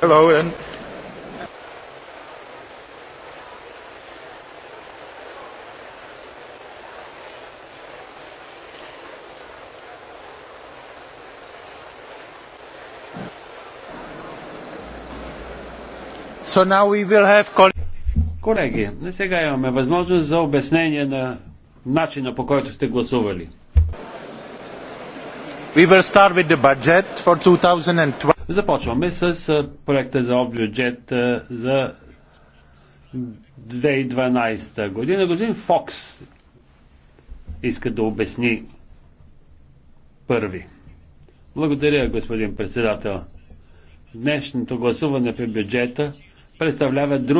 Hello and So now we will have Колеги, сега имаме възможност за обяснение на начина по който сте гласували. We will start with the budget for 2012. Започваме с проекта за бюджет за 2012 година. Господин Фокс иска да обясни първи. Благодаря, господин председател. Днешното гласуване при бюджета представлява друг